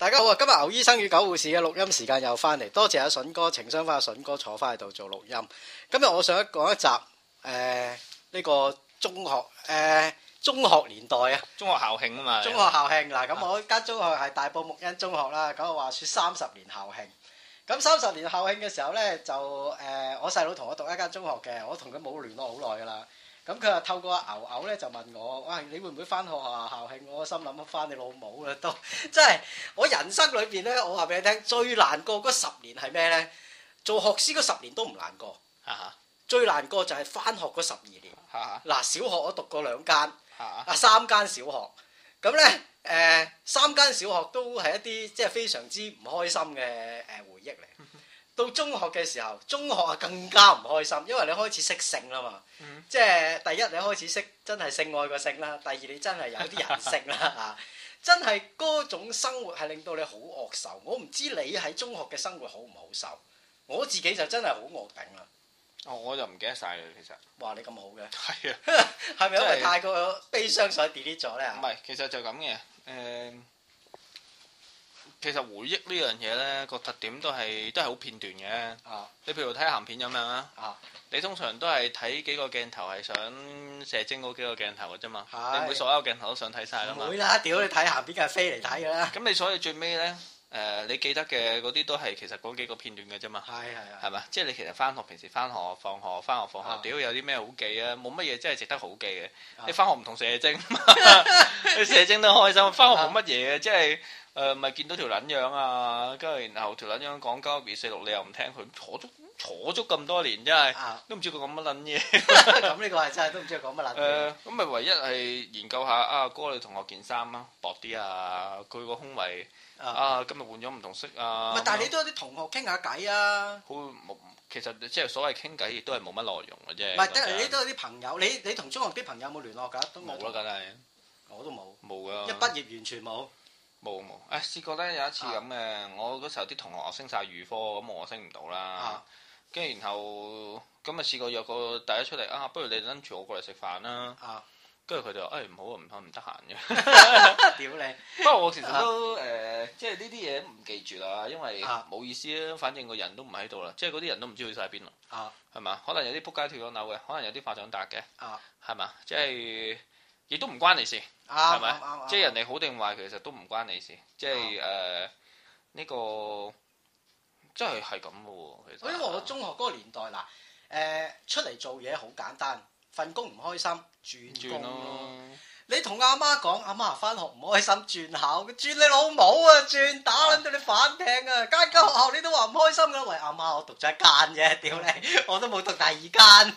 大家好啊！今日牛醫生與狗護士嘅錄音時間又翻嚟，多謝阿、啊、筍哥情商翻阿筍哥坐翻喺度做錄音。今日我想一講一集，誒、呃、呢、這個中學誒、呃、中學年代啊，中學校慶啊嘛，中學校慶嗱，咁、啊、我間中學係大埔木恩中學啦，咁、那、我、個、話說三十年校慶，咁三十年校慶嘅時候呢，就誒、呃、我細佬同我讀一間中學嘅，我同佢冇聯絡好耐噶啦。咁佢話透過牛牛咧就問我，喂、啊，你會唔會翻學啊？校、啊、慶，我心諗翻你老母啦、啊，都即係我人生裏邊咧，我話俾你聽，最難過嗰十年係咩呢？做學師嗰十年都唔難過，uh huh. 最難過就係翻學嗰十二年，嗱、uh huh. 啊，小學我讀過兩間，啊、uh huh. 三間小學，咁呢，誒、呃、三間小學都係一啲即係非常之唔開心嘅誒回憶嚟。 到中學嘅時候，中學啊更加唔開心，因為你開始識性啦嘛。嗯、即係第一你開始識真係性愛個性啦，第二你真係有啲人性啦嚇、 啊，真係嗰種生活係令到你好惡受。我唔知你喺中學嘅生活好唔好受，我自己就真係好惡頂啦。哦，我就唔記得曬啦，其實。哇！你咁好嘅。係啊。係咪因為太過悲傷所以 delete 咗咧？唔係，其實就咁嘅。誒、嗯。其實回憶呢樣嘢呢個特點都係都係好片段嘅。你譬如睇鹹片咁樣啊？你通常都係睇幾個鏡頭，係想射精嗰幾個鏡頭嘅啫嘛。你唔會所有鏡頭都想睇晒噶嘛？唔會啦！屌你睇鹹片嘅飛嚟睇啦！咁你所以最尾呢，誒你記得嘅嗰啲都係其實嗰幾個片段嘅啫嘛。係係係嘛？即係你其實翻學平時翻學放學，翻學放學，屌有啲咩好記啊？冇乜嘢真係值得好記嘅。你翻學唔同射精，你射精都開心，翻學冇乜嘢嘅，即係。誒咪見到條撚樣啊！跟住然後條撚樣講交俾細路，你又唔聽佢，坐足坐足咁多年，真係都唔知佢講乜撚嘢。咁呢個係真係都唔知佢講乜撚嘢。誒咁咪唯一係研究下啊哥你同學件衫啊薄啲啊，佢個胸圍啊今日換咗唔同色啊。唔係，但係你都有啲同學傾下偈啊。好冇？其實即係所謂傾偈亦都係冇乜內容嘅啫。唔係，但你都有啲朋友，你你同中學啲朋友有冇聯絡㗎？都冇咯，梗係我都冇冇㗎。一畢業完全冇。冇冇，誒試過咧，有一次咁嘅，我嗰時候啲同學升晒預科，咁我升唔到啦。跟住然後咁啊試過約個第一出嚟，啊不如你跟住我過嚟食飯啦。跟住佢哋話誒唔好啊唔唔得閒嘅，屌你！不過我其實都誒，即係呢啲嘢，唔記住啦，因為冇意思啦，反正個人都唔喺度啦，即係嗰啲人都唔知去晒邊啦。啊，係嘛？可能有啲扑街跳咗樓嘅，可能有啲發咗達嘅。啊，係嘛？即係。亦都唔關你事，係咪？即係人哋好定壞，其實都唔關你事。啊、即係誒，呢、呃這個真係係咁嘅。喎，喺我中學嗰個年代，嗱、呃，誒出嚟做嘢好簡單，份、呃、工唔開心轉工咯。轉啊、你同阿媽講，阿媽返學唔開心轉校，轉你老母啊，轉打捻到你反艇啊！間間學校你都話唔開心噶，喂阿媽，媽我讀咗一間啫，屌你，我都冇讀第二間，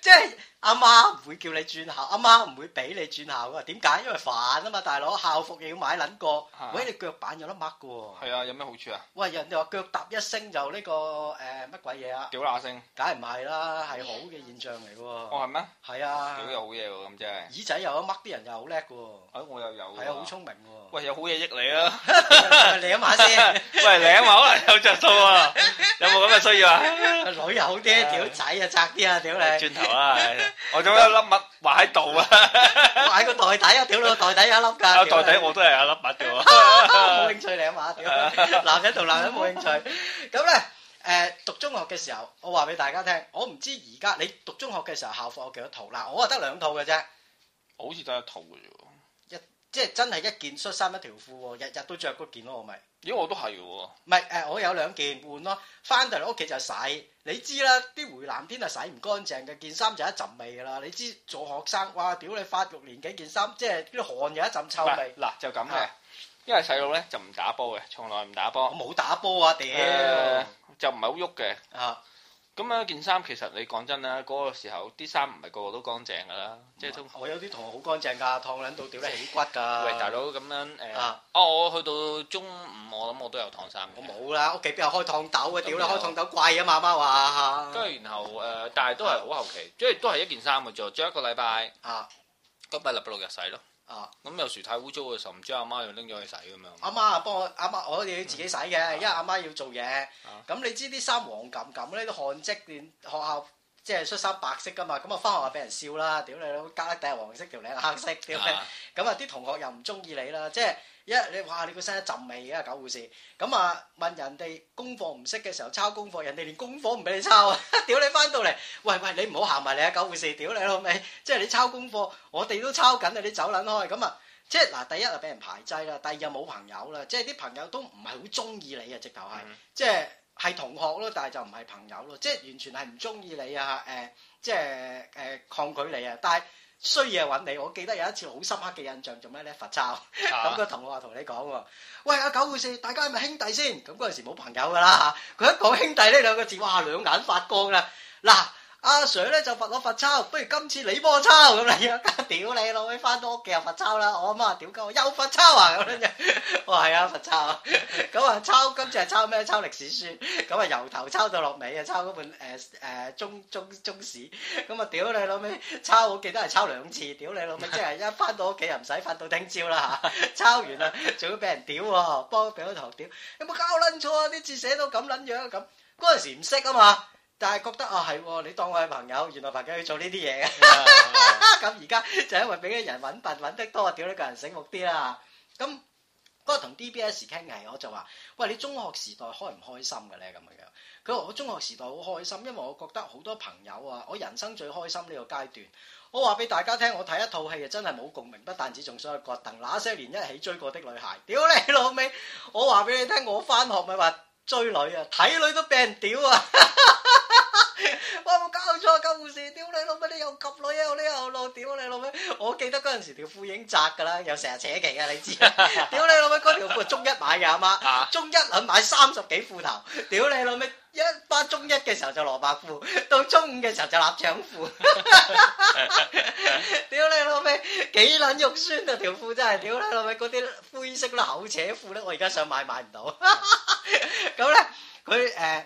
即係。阿媽唔會叫你轉校，阿媽唔會俾你轉校嘅。點解？因為煩啊嘛，大佬校服又要買撚個，喂，你腳板有得癦嘅喎。係啊，有咩好處啊？喂，人哋話腳踏一聲就呢個誒乜鬼嘢啊？屌乸聲，梗係唔係啦，係好嘅現象嚟喎。哦，係咩？係啊，屌又好嘢喎，咁即係。耳仔又有癦，啲人又好叻嘅喎。我又有。係啊，好聰明喎。喂，有好嘢益你啦。你諗下先。喂，你諗下，可能有着數啊！有冇咁嘅需要啊？女又好啲，屌仔啊，窄啲啊，屌你。轉頭啊！我仲有一粒物埋喺度啊！埋喺個袋底啊！屌你個袋底有一粒噶！啊袋底我都係有一粒物嘅。冇興趣你啊嘛！屌男人同男人冇興趣。咁咧，誒，讀中學嘅時候，我話俾大家聽，我唔知而家你讀中學嘅時候校服有幾多套。嗱，我啊得兩套嘅啫。我好似得一套嘅啫。即係真係一件恤衫一條褲，日日都着嗰件咯，我咪。咦？我都係喎。唔係誒，我有兩件換咯，翻到嚟屋企就洗。你知啦，啲回南天啊，洗唔乾淨嘅件衫就一陣味噶啦。你知做學生哇，屌你發育年幾件衫，即係啲汗又一陣臭味。嗱就咁嘅。因為細佬咧就唔打波嘅，從來唔打波。冇打波啊！屌、啊呃。就唔係好喐嘅。啊。咁樣，件衫其實你講真啦，嗰個時候啲衫唔係個個都乾淨噶啦，即係我有啲同學好乾淨噶，燙撚到屌你起骨噶。喂，大佬咁樣誒，哦，我去到中午，我諗我都有燙衫，我冇啦，屋企邊有開燙斗嘅？屌你，開燙斗貴啊嘛，媽話。跟住然後誒，但係都係好後期，即係都係一件衫嘅啫，着一個禮拜。啊，咁咪拜六日洗咯。啊！咁有時太污糟嘅時候，唔知阿媽，媽又拎咗去洗咁樣。阿媽啊，幫我阿媽，媽，我可以自己洗嘅，嗯、因為阿媽，媽要做嘢。咁、啊、你知啲衫黃咁咁呢啲汗漬連學校即係恤衫白色㗎嘛，咁啊返學啊俾人笑啦！屌你老，胳肋底係黃色，條領係黑色，咁啊啲同學又唔中意你啦，即係。一你哇你個身一陣味嘅，狗護士。咁啊問人哋功課唔識嘅時候，抄功課，人哋連功課唔俾你抄啊！屌你返到嚟，喂喂，你唔好行埋嚟啊，狗護士，屌你老味！即係你抄功課，我哋都抄緊啊！你走撚開咁啊！即係嗱，第一啊俾人排擠啦，第二又冇朋友啦，即係啲朋友都唔係好中意你啊！直頭係即係係同學咯，但係就唔係朋友咯，即係完全係唔中意你啊！誒即係誒抗拒你啊！但係。衰嘢揾你，我記得有一次好深刻嘅印象，做咩咧？罰抄，咁 個同學話同你講喎，喂阿、啊、九護士，大家係咪兄弟先？咁嗰陣時冇朋友噶啦嚇，佢一講兄弟呢兩個字，哇兩眼發光啦，嗱。阿 Sir 咧就罰我罰抄，不如今次你幫我抄咁你啦，屌你老味翻到屋企又罰抄啦，我阿媽屌鳩我又罰抄啊咁樣嘅，我係啊罰抄，咁啊抄今次係抄咩？抄歷史書，咁啊由頭抄到落尾啊，抄嗰本誒誒中中中史，咁啊屌你老味抄，我記得係抄兩次，屌你老味即係一翻到屋企又唔使瞓到聽朝啦嚇，抄完啦仲要俾人屌喎，幫表哥學屌，有冇教捻錯啊？啲字寫到咁捻樣咁，嗰陣時唔識啊嘛～但係覺得啊，係、哦、喎，你當我係朋友，原來朋友要做呢啲嘢啊！咁而家就因為俾啲人揾笨揾得多，屌你個人醒目啲啦！咁嗰日同 D B S 傾偈，我就話：喂，你中學時代開唔開心嘅咧？咁樣佢話：我中學時代好開心，因為我覺得好多朋友啊，我人生最開心呢個階段。我話俾大家聽，我睇一套戲啊，真係冇共鳴。不但止仲想去割凳，那些年一起追過的女孩，屌你老味。我話俾你聽，我返學咪話。追女啊，睇女都俾人屌啊！ 我有冇搞錯啊？救護士，屌你老味！你又及女啊？你又浪，屌你老味！我記得嗰陣時條褲已經窄噶啦，又成日扯旗㗎！你知啊？屌你老味！嗰條褲中一買嘅阿媽，中一諗買三十幾褲頭，屌你老味！一翻中一嘅時候就蘿蔔褲，到中五嘅時候就臘腸褲。屌你老味！幾撚肉酸啊？條褲真係！屌你老味！嗰啲灰色厚扯褲咧，我而家想買買唔到。咁咧，佢誒。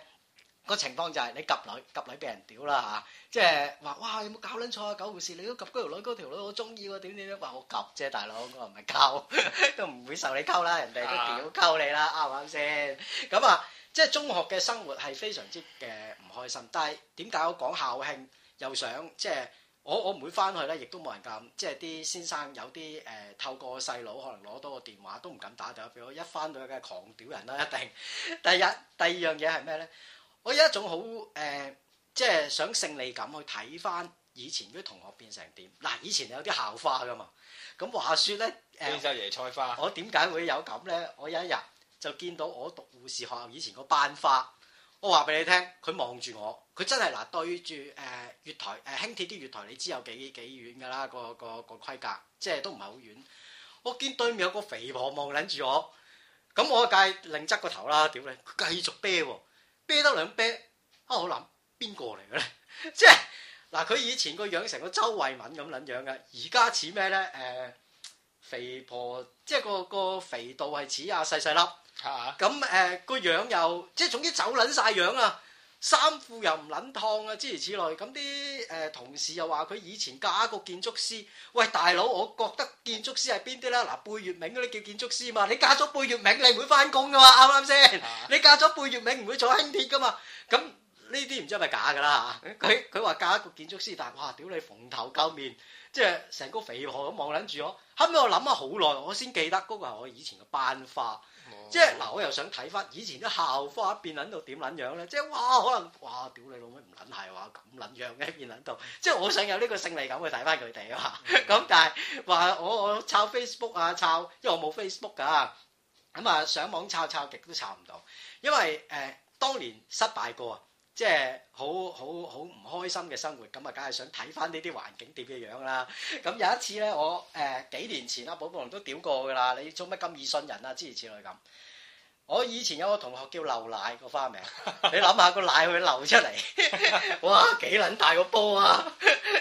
個情況就係你 𥄫 女 𥄫 女俾人屌啦，嚇，即係話哇，有冇搞撚錯啊？狗護士你都 𥄫 嗰條女，嗰條女好中意喎，點點點話我 𥄫 啫，大佬，我唔係溝都唔會受你溝啦，人哋都屌溝你啦，啱唔啱先咁啊！即係中學嘅生活係非常之嘅唔開心，但係點解我講校慶又想即係我我唔會翻去咧，亦都冇人敢即係啲先生有啲誒透過細佬可能攞多個電話都唔敢打電話俾我，一翻到去梗狂屌人啦一定。第一第二樣嘢係咩咧？我有一種好誒，即係想勝利噉去睇翻以前啲同學變成點。嗱，以前有啲校花噶嘛。咁話説咧，誒，變咗椰菜花。我點解會有咁咧？我有一日就見到我讀護士學校以前個班花，我話俾你聽，佢望住我，佢真係嗱對住誒月台誒輕鐵啲月台，啊、月台你知有幾幾遠噶啦？嗰個、嗰個、嗰個規格即係都唔係好遠。我見對面有個肥婆望撚住我，咁我梗係另側個頭啦。屌你，繼續啤喎、啊！啤得兩啤，啊！我諗邊個嚟嘅咧？ 即係嗱，佢以前個樣成個周慧敏咁捻樣嘅，而家似咩咧？誒、呃，肥婆，即係個個肥度係似阿細細粒，咁誒、 呃、個樣又即係總之走捻晒樣啊！衫褲又唔撚燙啊，諸如此類。咁啲誒同事又話佢以前嫁一個建築師。喂，大佬，我覺得建築師係邊啲啦？嗱、啊，貝聿銘嗰啲叫建築師嘛。你嫁咗貝聿銘，你唔會翻工㗎嘛？啱啱先？ 你嫁咗貝聿銘，唔會坐輕鐵㗎嘛？咁呢啲唔知係咪假㗎啦？佢佢話嫁一個建築師，但係哇，屌你，蓬頭垢面。 即係成個肥婆咁望撚住我，後尾我諗咗好耐，我先記得嗰個係我以前嘅班花。哦、即係嗱，我又想睇翻以前啲校花變撚到點撚樣咧。即係哇，可能哇，屌你老妹唔撚係喎，咁撚樣嘅變撚到。即係我想有呢個勝利感去睇翻佢哋啊嘛。咁但係話我我抄 Facebook 啊，抄，因為我冇 Facebook 㗎。咁啊，上網抄抄極都抄唔到，因為誒、呃、當年失敗過。即係好好好唔開心嘅生活，咁啊，梗係想睇翻呢啲環境點嘅樣啦。咁有一次咧，我誒、呃、幾年前啦，寶寶龍都屌過我㗎啦，你做乜咁易信人啊？諸如此類咁。我以前有個同學叫流奶個花名，你諗下個奶會流出嚟，哇！幾撚大個波啊！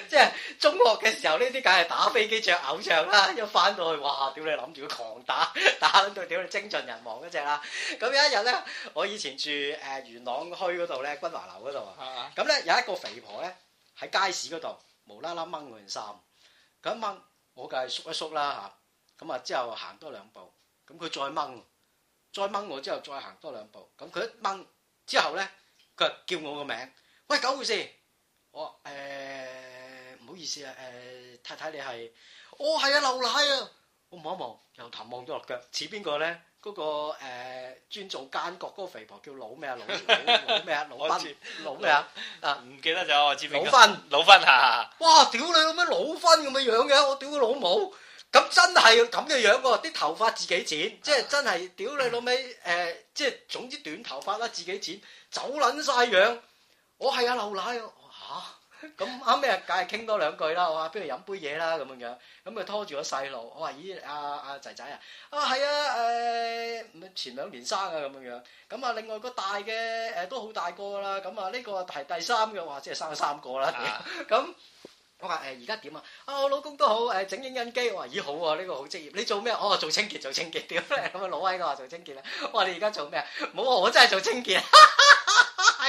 即係。中學嘅時候，呢啲梗係打飛機着偶像啦，一翻到去，哇！屌你諗住佢狂打，打到屌你精盡人亡嗰隻啦！咁有一日咧，我以前住誒元朗區嗰度咧，君華樓嗰度啊，咁咧、uh huh. 有一個肥婆咧，喺街市嗰度無啦啦掹我件衫，佢一掹我，梗係縮一縮啦嚇，咁啊之後行多兩步，咁佢再掹，再掹我之後再行多兩步，咁佢一掹之後咧，佢叫我個名，喂，九護士。我」我誒。不好意思啊，誒、呃、太太你係，我係啊流奶啊！我望一望，由頭望到落腳，似邊、個咧？嗰個誒專做奸角嗰個肥婆叫老咩啊？老老咩啊？老芬老咩啊？啊唔記得咗，我知邊個老芬分老芬嚇！下下哇！屌你老咩？老芬咁嘅樣嘅，我屌佢老母！咁真係咁嘅樣喎，啲頭髮自己剪，即係真係屌你老味，誒、呃！即係總之短頭髮啦，自己剪，走撚晒樣！我係啊流奶。咁啱咩？梗係傾多兩句啦，我話邊度飲杯嘢啦，咁樣樣。咁佢拖住個細路，我話咦，阿阿仔仔啊，啊係啊，誒前兩年生啊，咁樣樣。咁啊，另外個大嘅誒都好大個啦。咁啊，呢個係第三嘅，話，即係生三個啦。咁我話誒而家點啊？啊，我老公都好誒整影印機。我話咦好啊，呢個好職業。你做咩？哦，做清潔，做清潔。點呢？咁啊老威嘅話做清潔啦。我話你而家做咩啊？冇，我真係做清潔。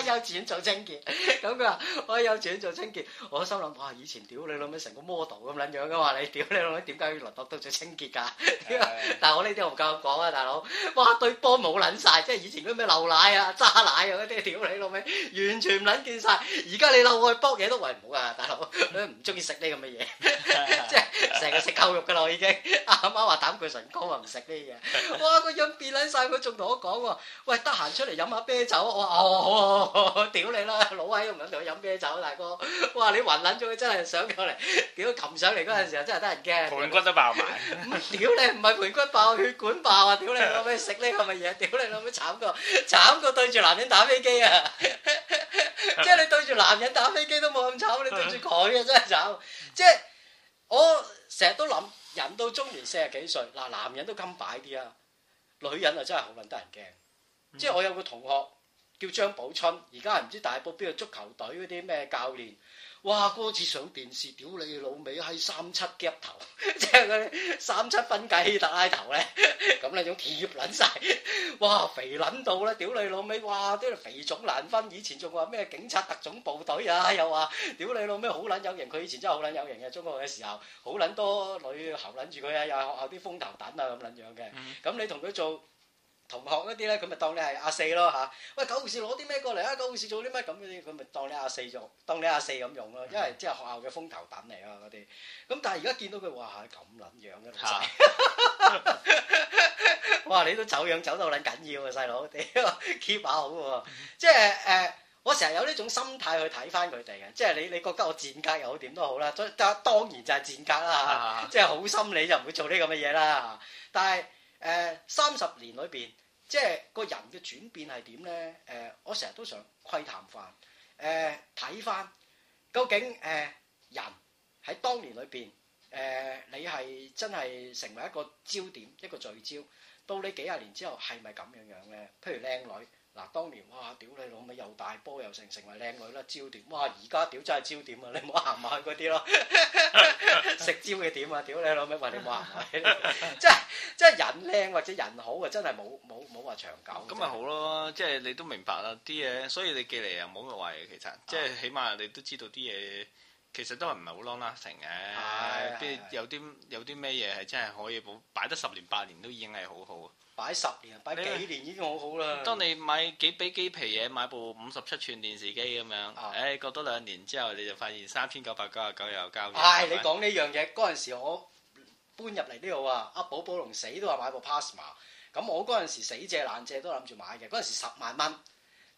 有錢做清潔，咁佢話：我有錢做清潔，我心諗哇！以前屌你老味成個 model 咁撚樣噶嘛，你屌你老味點解要落落到做清潔㗎？但係我呢啲我唔夠膽講啊，大佬，哇對波冇撚曬，即係以前嗰啲咩流奶啊、渣奶啊嗰啲，屌你老味完全唔撚見曬。而家你漏落去煲嘢都為唔好噶，大佬，你唔中意食呢咁嘅嘢，即係成日食狗肉㗎啦，我已經，阿媽話膽固醇高，話唔食呢嘢。哇，個樣變撚曬，佢仲同我講喎，喂，得閒出嚟飲下啤酒。我話哦。我屌你啦，老鬼唔忍同佢飲啤酒，大哥！哇，你暈撚咗，真係上嚟，屌佢擒上嚟嗰陣時候真係得人驚，盆骨都爆埋。屌你，唔係盆骨爆，血管爆啊！屌你，我咪食呢個乜嘢？屌你，我咪慘過，慘過對住男人打飛機啊！即係你對住男人打飛機都冇咁慘，你對住佢啊真係慘！即係我成日都諗，人到中年四十幾歲，嗱男人都襟擺啲啊，女人啊真係好撚得人驚。即係我有個同學。叫張寶春，而家係唔知大埔邊個足球隊嗰啲咩教練，哇！嗰次上電視，屌你老味，係三七夾頭，即係嗰啲三七分界希特拉頭咧，咁 樣樣貼撚晒，哇！肥撚到啦，屌你老味！哇！啲肥腫難分，以前仲話咩警察特種部隊啊，又話屌你老味好撚有型，佢以前真係好撚有型嘅，中國嘅時候好撚多女孩撚住佢啊，又係學校啲風頭躉啊咁撚樣嘅，咁、嗯、你同佢做。同學嗰啲咧，佢咪當你係阿四咯嚇？喂，狗護士攞啲咩過嚟啊？狗護士做啲咩咁嗰啲？佢咪當你阿四做？當你阿四咁用咯。因為即係學校嘅風頭等嚟啊，嗰啲。咁但係而家見到佢，哇！咁撚樣嘅、啊、老細， 哇！你都走樣走到撚緊要啊，細佬，屌 keep 下好喎、啊。 即係誒、呃，我成日有呢種心態去睇翻佢哋嘅，即係你你覺得我賤格又好點都好啦。但當然就係賤格啦，即係 好心理就唔會做呢咁嘅嘢啦。但係。誒三十年裏邊，即係個人嘅轉變係點咧？誒、呃，我成日都想窺探翻，誒睇翻究竟誒、呃、人喺當年裏邊，誒、呃、你係真係成為一個焦點，一個聚焦，到你幾廿年之後係咪咁樣樣咧？譬如靚女。嗱，當年哇，屌你老味又大波又成，成為靚女啦，焦點。哇，而家屌真係焦點啊！你唔好行埋去嗰啲咯， 食焦嘅點啊，屌你老味，喂你唔好行埋。即係即係人靚或者人好啊，真係冇冇冇話長久，嗯。咁咪好咯，即係你都明白啦，啲嘢，所以你寄嚟又冇乜壞嘅，其實，即係起碼你都知道啲嘢，其實都係唔係好 long lasting 嘅。邊有啲有啲咩嘢係真係可以保擺得十年八年都已經係好好。擺十年，擺幾年已經好好啦。當你買幾比幾皮嘢，買部五十七寸電視機咁樣，唉、啊，過多兩年之後，你就發現三千九百九啊九又有交易。係唉你講呢樣嘢，嗰陣時我搬入嚟呢度啊，阿寶寶龍死都話買部 Pasma，咁我嗰陣時死借爛借都諗住買嘅，嗰陣時十萬蚊。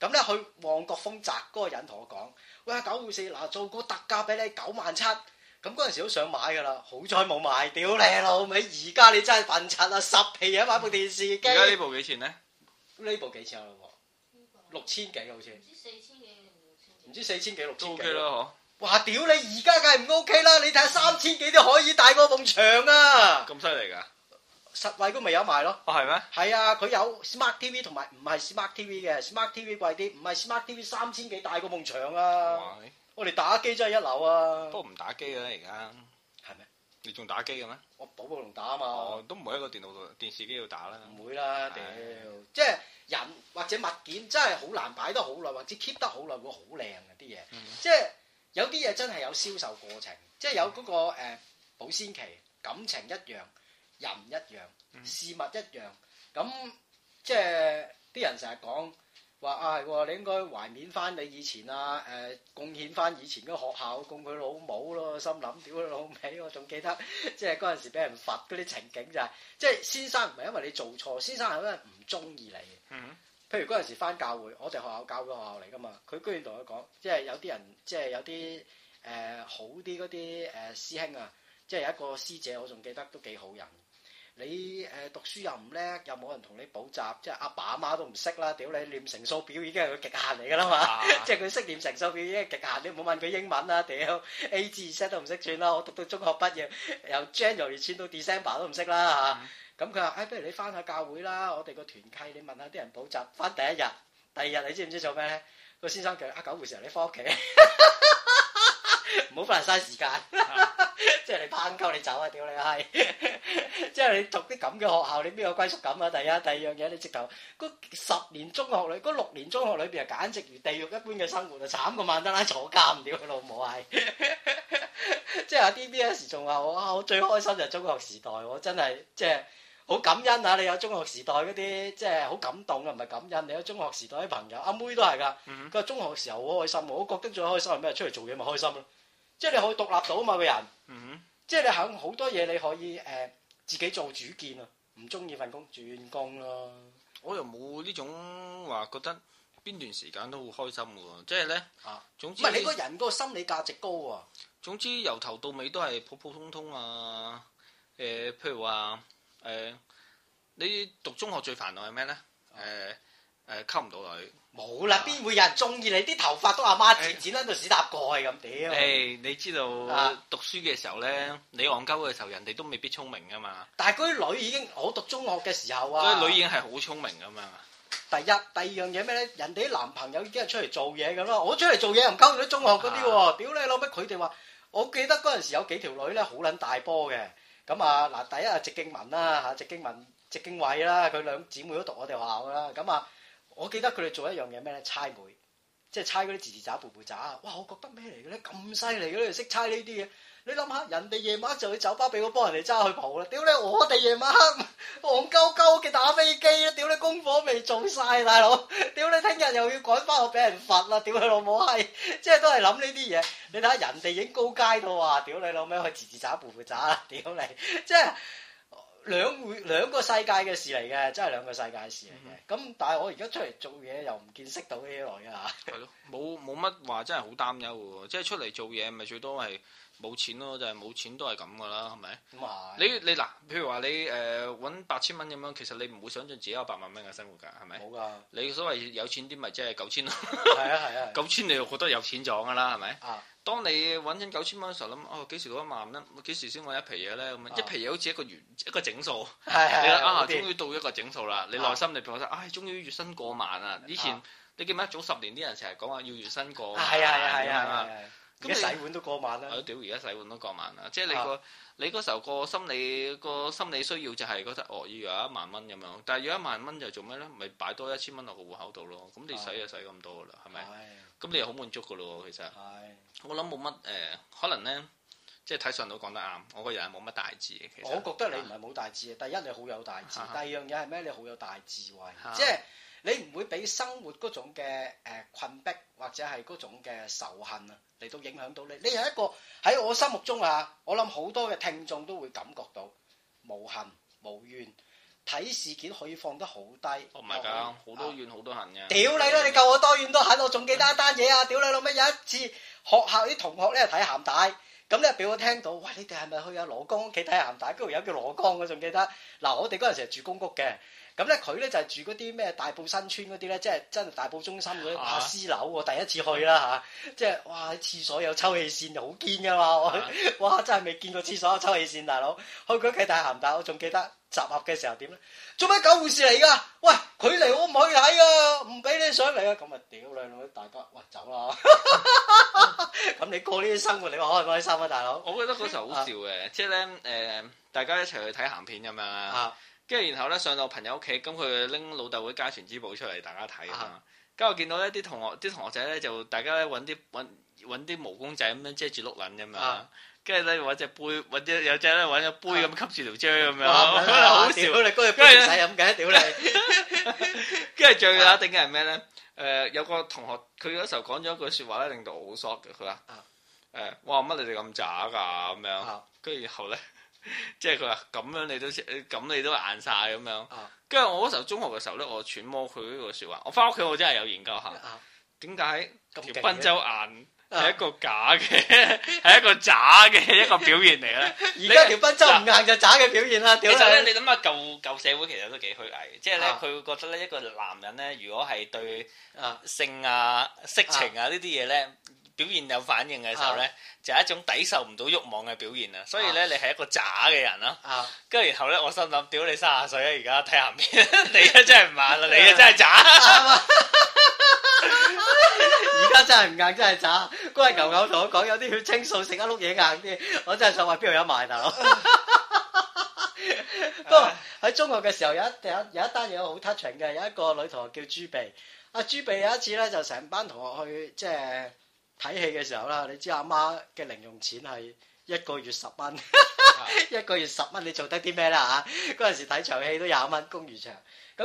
咁咧去旺角豐澤嗰個人同我講，喂，九四，嗱做個特價俾你九萬七。97, 咁嗰陣時都想買㗎啦，好彩冇買，屌你 老味！而家你真係笨柒啊！十皮嘢買部電視機。而家呢部幾錢呢？呢部幾錢啊？六千幾好似。唔知四千幾六千幾。O K 啦嗬。嘩屌你而家梗係唔 O K 啦！你睇下三千幾都可以大過埲牆啊！咁犀利㗎？實惠都未有賣咯？啊係咩？係啊，佢有 TV TV Smart TV 同埋唔係 Smart TV 嘅 Smart TV 貴啲，唔係 Smart TV 三千幾大過埲牆啊！ 我哋打機真係一流啊！不過唔打機啦，而家。係咩？嗎你仲打機嘅咩？我寶寶仲打啊嘛。哦、都唔會喺個電腦度、電視機度打啦。唔會啦，屌的！即係人或者物件真係好難擺得好耐，或者 keep 得好耐會好靚嘅啲嘢。嗯、即係有啲嘢真係有銷售過程，嗯、即係有嗰、那個、呃、保鮮期。感情一樣，人一樣，事物一樣，咁即係啲人成日講。話啊係你應該懷緬翻你以前啊誒，貢獻翻以前嗰學校，供佢老母咯。心諗，屌佢老味，我仲記得，即係嗰陣時俾人罰嗰啲情景就係、是，即係先生唔係因為你做錯，先生係因為唔中意你。嗯。譬如嗰陣時翻教會，我哋學校教會學校嚟噶嘛，佢居然同佢講，即係有啲人，即係有啲誒、呃、好啲嗰啲誒師兄啊，即係有一個師姐，我仲記得都幾好人。你誒讀書又唔叻，又冇人同你補習，即係阿爸阿媽都唔識啦。屌你念乘數表已經係個極限嚟㗎啦嘛，即係佢識念乘數表已經係極限，你唔好問佢英文啦。屌 A 至 Z 都唔識轉啦，我讀到中學畢業由 January 轉到 December 都唔識啦嚇。咁佢話：誒，不如你翻下教會啦，我哋個團契，你問下啲人補習。翻第一日、第二日，你知唔知做咩咧？個先生叫阿九護士，你翻屋企。唔好費曬時間、啊， 即係你攀交你走啊！屌你閪！ 即係你讀啲咁嘅學校，你邊有歸屬感啊？第一、第二樣嘢，你直頭十年中學裏、嗰六年中學裏邊啊，簡直如地獄一般嘅生活啊，慘過曼德拉坐監，屌佢老母係！ 即係阿 D B S 仲話：哇！我最開心就係中學時代，我真係即係好感恩嚇、啊、你有中學時代嗰啲，即係好感動啊，唔係感恩你有中學時代啲朋友，阿妹都係㗎。佢話中學時候好開心、啊，我覺得最開心係咩？出嚟做嘢咪開心咯、啊！即係你可以獨立到啊嘛，個人，嗯、哼即係你肯好多嘢你可以誒、呃、自己做主見啊，唔中意份工轉工咯。我又冇呢種話、啊、覺得邊段時間都好開心喎。即係咧，唔係、啊、之你個人個心理價值高喎、啊。總之由頭到尾都係普普通通啊。誒、呃，譬如話誒、呃，你讀中學最煩惱係咩咧？誒、啊。呃誒，溝唔、哎、到女，冇啦了，邊、啊、會有人中意你？啲頭髮都阿媽，媽剪剪，喺度屎塔蓋咁屌。誒、 哎，你知道讀書嘅時候咧，你戇鳩嘅時候，人哋都未必聰明噶嘛。但係嗰啲女已經，我讀中學嘅時候啊，所以女已經係好聰明噶嘛。第一、第二樣嘢咩咧？人哋啲男朋友已經係出嚟做嘢噶啦，我出嚟做嘢又唔溝到中學嗰啲喎，屌你老味！佢哋話，我記得嗰陣時有幾條女咧，好撚大波嘅。咁啊，嗱，第一啊，謝敬文啦，吓，謝敬文、謝敬偉啦，佢兩姊妹都讀我哋學校噶啦，咁啊。我記得佢哋做一樣嘢咩咧？猜枚，即係猜嗰啲字字渣、步步渣啊！哇，我覺得咩嚟嘅咧？咁犀利嘅咧，你識猜呢啲嘢。你諗下，人哋夜晚就去酒吧俾我幫人哋揸去蒲啦，屌你！我哋夜晚黑，戇鳩鳩嘅打飛機啦，屌你！功課未做晒大佬，屌你！聽日又要趕翻我俾人罰啦，屌你老母閪！即係都係諗呢啲嘢。你睇下，人哋影高街到啊，屌你老味去字字渣、步步渣啊，屌你！屌即係。兩會兩個世界嘅事嚟嘅，真係兩個世界事嚟嘅。咁、嗯、但係我而家出嚟做嘢又唔見識到嘢來嘅嚇。係咯，冇冇乜話真係好擔憂喎。即係出嚟做嘢，咪最多係冇錢咯，就係冇錢都係咁嘅啦，係咪？係啊。你你嗱，譬如話你誒揾八千蚊咁樣，其實你唔會想象自己有八萬蚊嘅生活㗎，係咪？冇㗎。你所謂有錢啲咪即係九千咯？係啊係啊。九千你又覺得有錢咗㗎啦，係咪啊？當你揾緊九千蚊嘅時候，諗哦幾時到一萬咧？幾時先揾一皮嘢咧？咁樣、啊、一皮嘢好似一個圓，一個整數。係 係。你啊，啊，終於到一個整數啦！你內心你覺得，唉、啊，終於月薪過萬啊！以前、啊、你記唔記得早十年啲人成日講話要月薪過萬，係啊係啊係啊係看啊。啊而家洗碗都過萬啦！屌，而家洗碗都過萬啦！啊、即係你個你嗰時候個心理個心理需要就係覺得哦，要有一萬蚊咁樣，但係要一萬蚊就做咩咧？咪擺多一千蚊落個戶口度咯。咁你使就使咁多噶啦，係咪、啊？咁是你又好滿足噶咯喎，其實。是我諗冇乜誒，可能咧，即係睇上都講得啱。我個人係冇乜大志嘅。其實我覺得你唔係冇大志，嘅、啊。第一你好有大志，第二樣嘢係咩？你好有大智慧，即係。你唔會俾生活嗰種嘅誒困迫或者係嗰種嘅仇恨啊嚟到影響到你。你係一個喺我心目中啊，我諗好多嘅聽眾都會感覺到無恨無怨，睇事件可以放得好低，哦。唔係㗎，好多怨好多恨嘅。屌你啦！你救我多怨多恨，我仲記得一單嘢啊！屌你老味！有一次學校啲同學咧睇鹹帶，咁咧俾我聽到，喂，你哋係咪去阿羅江屋企睇鹹帶？嗰度有叫羅江嘅，仲記得嗱？我哋嗰陣時係住公屋嘅。咁咧，佢咧就係住嗰啲咩大埔新村嗰啲咧，即係真大埔中心嗰啲阿私樓喎，第一次去啦吓？即係哇！廁所有抽氣線，就好堅噶嘛，哇！真係未見過廁所有抽氣線，大佬去屋企大鹹大佬，仲記得集合嘅時候點咧？做咩九護士嚟噶？喂，佢嚟我唔可以睇啊，唔俾你上嚟啊！咁啊，屌你老，大家哇走啦！咁你過呢啲生活，你話開唔開心啊，大佬？我覺得嗰時候好笑嘅，即係咧誒，大家一齊去睇鹹片咁樣啊。跟住然後咧上到朋友屋企，咁佢拎老豆嗰啲家傳之寶出嚟，大家睇啊！跟住我見到咧啲同學，啲同學仔咧就大家咧揾啲啲毛公仔咁樣遮住碌撚嘅嘛。跟住咧揾隻杯，揾啲有隻咧揾個杯咁吸住條蕉咁樣，好笑！屌你嗰隻杯使飲嘅，屌你！跟住最頂嘅係咩咧？誒有個同學佢嗰時候講咗一句説話咧，令到我好 shock 嘅。佢話誒，哇乜你哋咁渣噶咁樣？跟住然後咧。即係佢話咁樣你都咁你都硬晒咁樣，跟住、啊、我嗰時候中學嘅時候咧，我揣摩佢呢個說話，我翻屋企我真係有研究下，點解條賓周硬係一個假嘅，係、啊、 一個渣嘅一個表現嚟嘅。」而家條賓周唔硬就渣嘅表現啦。其實咧，你諗下舊舊社會其實都幾虛偽，即係咧佢會覺得咧一個男人咧如果係對性啊、色情啊呢啲嘢咧，表現有反應嘅時候咧，啊、就係一種抵受唔到欲望嘅表現啦、啊。啊、所以咧，你係一個渣嘅人啦。啊，跟住然後咧，我心諗，屌你卅歲啊，而家睇下面，你啊真係唔硬啦，你啊真係渣。而家真係唔硬，真係渣。都係牛牛同我講，有啲血清素食一碌嘢硬啲。我真係想話邊度有賣，不過喺中學嘅時候，有一有有一單嘢好 touching 嘅，有一個女同學叫朱貝。阿朱貝有一次咧，啊、次就成班同學去即係。啊啊睇戲嘅時候啦，你知阿媽嘅零用錢係一個月十蚊， 一個月十蚊你做得啲咩啦嚇？嗰陣時睇場戲都廿蚊，《公餘場》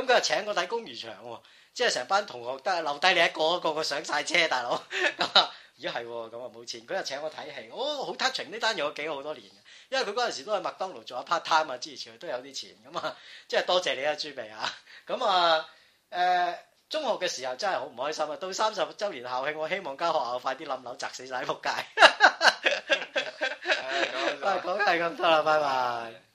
咁佢又請我睇《公餘場》喎，即係成班同學得留低你一個，一個，個個上晒車大佬咁啊！ 咦係喎，咁啊冇錢，佢又請我睇戲，哦，好 touching，呢單嘢我記咗好多年，因為佢嗰陣時都喺麥當勞做 part time 啊，之前都有啲錢咁啊，即係多謝你珠啊，朱秘啊，咁啊誒。中學嘅時候真係好唔開心啊！到三十周年校慶，我希望間學校快啲冧樓，砸死曬啲仆街。唉，講就咁多啦，拜拜。